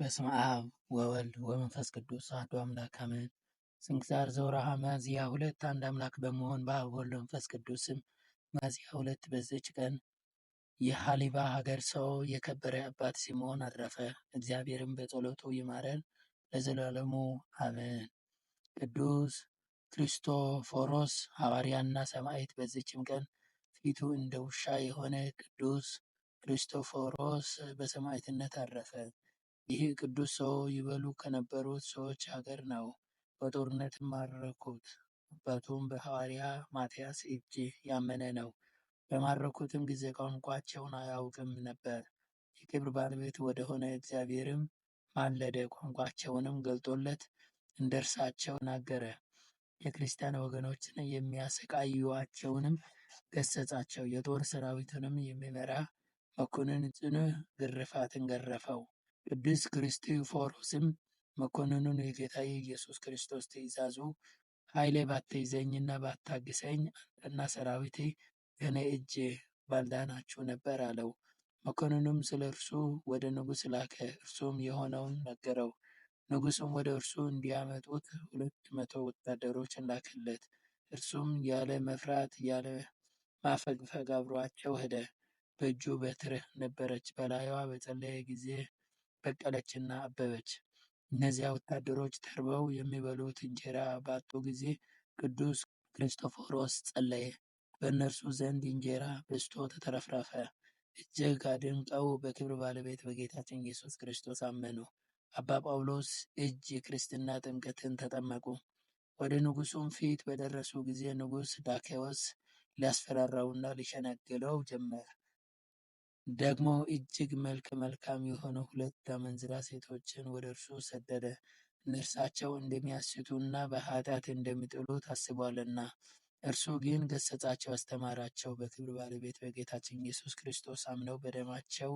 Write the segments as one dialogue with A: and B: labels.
A: በስመ አብ ወወልድ ወመንፈስ ቅዱስ አሐዱ አምላክ አሜን። ስንክሳር ዘወርኀ ሚያዝያ ሁለት አንድ አምላክ በመሆን በአብ ወልድ መንፈስ ቅዱስም። ሚያዝያ ሁለት በዚች ቀን የሐሊባ ሀገር ሰው የከበረ አባት ሲሞን አረፈ። እግዚአብሔርም በጸሎቱ ይማረን ለዘላለሙ አሜን። ቅዱስ ክርስቶፎሮስ ሐዋርያና ሰማዕት። በዚችም ቀን ፊቱ እንደ ውሻ የሆነ ቅዱስ ክርስቶፎሮስ በሰማዕትነት አረፈ። ይህ ቅዱስ ሰው ይበሉ ከነበሩት ሰዎች አገር ነው። በጦርነት ማረኩት። አባቱም በሐዋርያ ማትያስ እጅ ያመነ ነው። በማረኩትም ጊዜ ቋንቋቸውን አያውቅም ነበር። የክብር ባለቤት ወደሆነ እግዚአብሔርም ማለደ፣ ቋንቋቸውንም ገልጦለት እንደርሳቸው ናገረ። የክርስቲያን ወገኖችን የሚያሰቃዩዋቸውንም ገሰጻቸው። የጦር ሰራዊቱንም የሚመራ መኮንን ጽኑ ግርፋትን ገረፈው። ቅዱስ ክርስቲፎሮስም መኮንኑን የጌታዬ ኢየሱስ ክርስቶስ ትእዛዙ ኃይሌ ባትይዘኝና ባታግሰኝ አንተና ሰራዊቴ ከእኔ እጅ ባልዳናችሁ ነበር አለው። መኮንኑም ስለ እርሱ ወደ ንጉሥ ላከ፣ እርሱም የሆነውን ነገረው። ንጉሥም ወደ እርሱ እንዲያመጡት ሁለት መቶ ወታደሮችን ላከለት። እርሱም ያለ መፍራት ያለ ማፈግፈግ አብሯቸው ሄደ። በእጁ በትር ነበረች። በላዩዋ በጸለየ ጊዜ በቀለችና አበበች። እነዚያ ወታደሮች ተርበው የሚበሉት እንጀራ ባጡ ጊዜ ቅዱስ ክርስቶፎሮስ ጸለየ። በእነርሱ ዘንድ እንጀራ በዝቶ ተትረፈረፈ። እጅግ አድንቀው በክብር ባለቤት በጌታችን ኢየሱስ ክርስቶስ አመኑ። አባ ጳውሎስ እጅ የክርስትና ጥምቀትን ተጠመቁ። ወደ ንጉሱም ፊት በደረሱ ጊዜ ንጉሥ ዳኬዎስ ሊያስፈራራውና ሊሸነግለው ጀመር። ደግሞ እጅግ መልክ መልካም የሆኑ ሁለት አመንዝራ ሴቶችን ወደ እርሱ ሰደደ፣ እነርሳቸው እና በኃጢአት እንደሚጥሉ ታስቧልና እርሱ ግን ገሰጻቸው አስተማራቸው። በክብር ባለቤት በጌታችን ኢየሱስ ክርስቶስ አምነው በደማቸው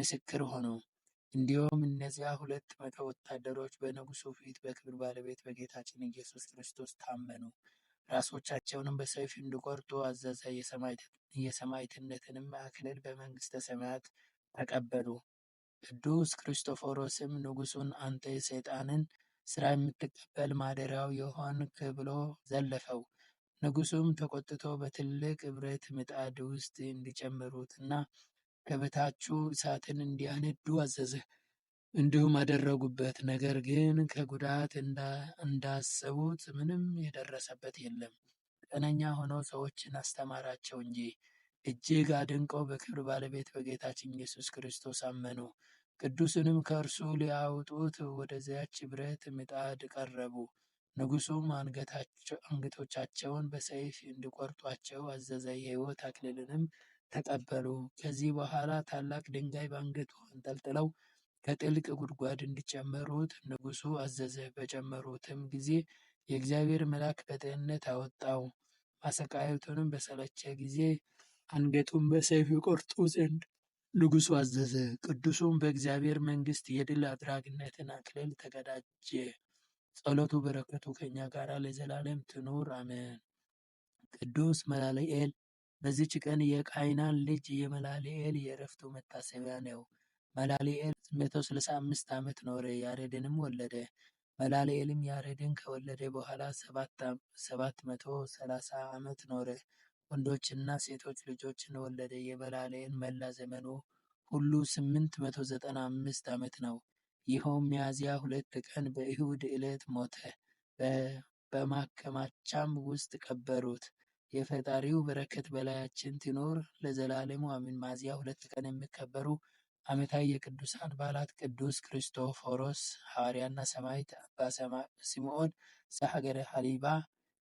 A: ምስክር ሆኑ። እንዲሁም እነዚያ ሁለት መቶ ወታደሮች በንጉሱ ፊት በክብር ባለቤት በጌታችን ኢየሱስ ክርስቶስ ታመኑ። ራሶቻቸውንም በሰይፍ እንዲቆርጡ አዘዘ። የሰማዕትነትንም አክሊል በመንግስተ ሰማያት ተቀበሉ። ቅዱስ ክርስቶፎሮስም ንጉሱን አንተ የሰይጣንን ስራ የምትቀበል ማደሪያው የሆንክ ብሎ ዘለፈው። ንጉሱም ተቆጥቶ በትልቅ ብረት ምጣድ ውስጥ እንዲጨምሩትና ከበታቹ እሳትን እንዲያነዱ አዘዘ። እንዲሁም አደረጉበት። ነገር ግን ከጉዳት እንዳሰቡት ምንም የደረሰበት የለም፤ ቀነኛ ሆነው ሰዎችን አስተማራቸው እንጂ። እጅግ አድንቀው በክብር ባለቤት በጌታችን ኢየሱስ ክርስቶስ አመኑ። ቅዱስንም ከእርሱ ሊያውጡት ወደዚያች ብረት ምጣድ ቀረቡ። ንጉሱም አንገቶቻቸውን በሰይፍ እንዲቆርጧቸው አዘዘ። የሕይወት አክሊልንም ተቀበሉ። ከዚህ በኋላ ታላቅ ድንጋይ በአንገቱ አንጠልጥለው ከጥልቅ ጉድጓድ እንዲጨመሩት ንጉሱ አዘዘ። በጨመሩትም ጊዜ የእግዚአብሔር መልአክ በድህነት አወጣው። ማሰቃየቱንም በሰለቸ ጊዜ አንገቱን በሰይፍ ይቆርጡ ዘንድ ንጉሡ አዘዘ። ቅዱሱም በእግዚአብሔር መንግሥት የድል አድራጊነትን አክሊል ተቀዳጀ። ጸሎቱ በረከቱ ከእኛ ጋር ለዘላለም ትኑር አሜን። ቅዱስ መላልኤል በዚች ቀን የቃይናን ልጅ የመላልኤል የእረፍቱ መታሰቢያ ነው። መላሊኤል 165 ዓመት ኖረ፣ ያሬድንም ወለደ። መላሊኤልም ያሬድን ከወለደ በኋላ 730 ዓመት ኖረ፣ ወንዶችና ሴቶች ልጆችን ወለደ። የመላሊኤል መላ ዘመኑ ሁሉ 895 ዓመት ነው። ይኸውም ሚያዝያ ሁለት ቀን በእሁድ ዕለት ሞተ። በማከማቻም ውስጥ ቀበሩት። የፈጣሪው በረከት በላያችን ትኖር ለዘላለሙ አሜን። ሚያዝያ ሁለት ቀን የሚከበሩ ዓመታዊ የቅዱሳን በዓላት ቅዱስ ክርስቶፎሮስ ሐዋርያና ሰማዕት፣ አባ ስምዖን ዘሀገረ ሐሊባ፣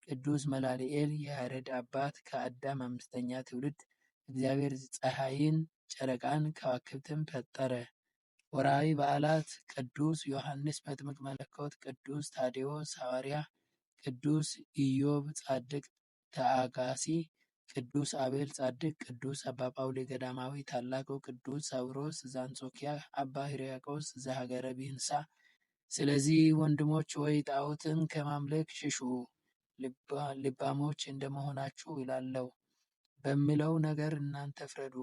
A: ቅዱስ መላልኤል የያሬድ አባት ከአዳም አምስተኛ ትውልድ። እግዚአብሔር ፀሐይን ጨረቃን ከዋክብትን ፈጠረ። ወርኃዊ በዓላት ቅዱስ ዮሐንስ መጥምቅ መለኮት፣ ቅዱስ ታዴዎስ ሐዋርያ፣ ቅዱስ ኢዮብ ጻድቅ ተአጋሲ ቅዱስ አቤል ጻድቅ፣ ቅዱስ አባ ጳውሌ ገዳማዊ፣ ታላቁ ቅዱስ አውሮስ፣ ዘአንጾኪያ፣ አባ ሕርያቆስ ዘሀገረ ብህንሳ። ስለዚህ ወንድሞች ሆይ ጣዖትን ከማምለክ ሽሹ፣ ልባሞች እንደመሆናችሁ ይላለው በሚለው ነገር እናንተ ፍረዱ።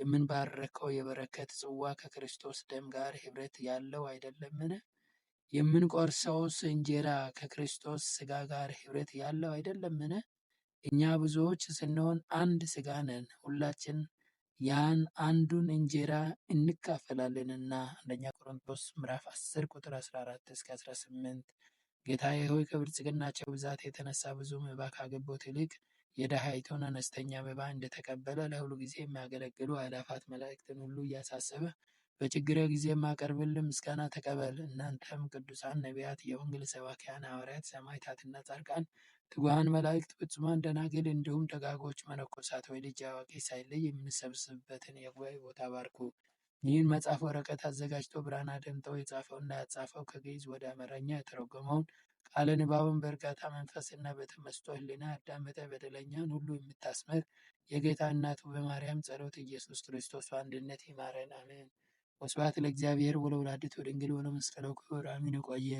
A: የምንባረከው የበረከት ጽዋ ከክርስቶስ ደም ጋር ኅብረት ያለው አይደለምን? የምንቆርሰውስ እንጀራ ከክርስቶስ ሥጋ ጋር ኅብረት ያለው አይደለምን? እኛ ብዙዎች ስንሆን አንድ ሥጋ ነን። ሁላችን ያን አንዱን እንጀራ እንካፈላለንና። አንደኛ ቆሮንቶስ ምዕራፍ 10 ቁጥር 14 እስከ 18 ጌታዬ ሆይ ከብልጽግናቸው ብዛት የተነሳ ብዙ መባ ካገቡት ይልቅ የድሃይቱን አነስተኛ መባ እንደተቀበለ ለሁሉ ጊዜ የሚያገለግሉ አእላፋት መላእክትን ሁሉ እያሳሰበ በችግረ ጊዜ የማቀርብልን ምስጋና ተቀበል። እናንተም ቅዱሳን ነቢያት፣ የወንጌል ሰባኪያን ሐዋርያት፣ ሰማዕታትና ጻድቃን ትጉሃን መላእክት ፍጹማን ደናግል እንዲሁም ደጋጎች መነኮሳት ወይ ልጅ አዋቂ ሳይለይ የምንሰብስብበትን የጉባኤ ቦታ ባርኩ። ይህን መጽሐፍ ወረቀት አዘጋጅቶ ብራና ደምጠው የጻፈው እና ያጻፈው ከግዕዝ ወደ አማርኛ የተረጎመውን ቃለ ንባቡን በእርጋታ መንፈስና በተመስጦ ሕሊና ያዳመጠ በደለኛን ሁሉ የምታስምር የጌታ እናቱ በማርያም ጸሎት ኢየሱስ ክርስቶስ አንድነት ይማረን፣ አሜን። ወስብሐት ለእግዚአብሔር ወለወላዲቱ ድንግል ወለመስቀሉ ክቡር አሜን። ቆየ